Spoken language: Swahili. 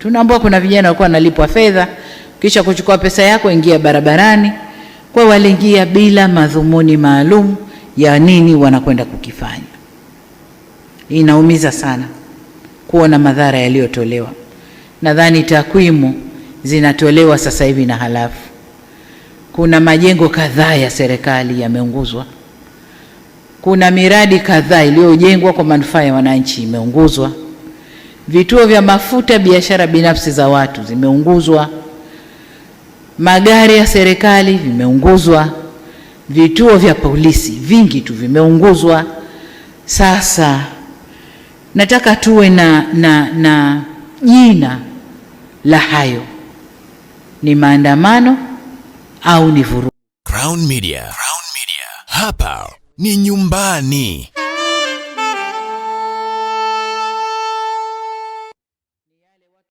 Tunaambua kuna vijana walikuwa wanalipwa fedha kisha kuchukua pesa yako, ingia barabarani. Kwa waliingia bila madhumuni maalum ya nini wanakwenda kukifanya. Inaumiza sana kuona madhara yaliyotolewa. Nadhani takwimu zinatolewa sasa hivi na halafu, kuna majengo kadhaa ya serikali yameunguzwa, kuna miradi kadhaa iliyojengwa kwa manufaa ya wananchi imeunguzwa vituo vya mafuta, biashara binafsi za watu zimeunguzwa, magari ya serikali vimeunguzwa, vituo vya polisi vingi tu vimeunguzwa. Sasa nataka tuwe na, na, na jina la hayo, ni maandamano au ni vurugu? Crown Media. Crown Media. Hapa ni nyumbani.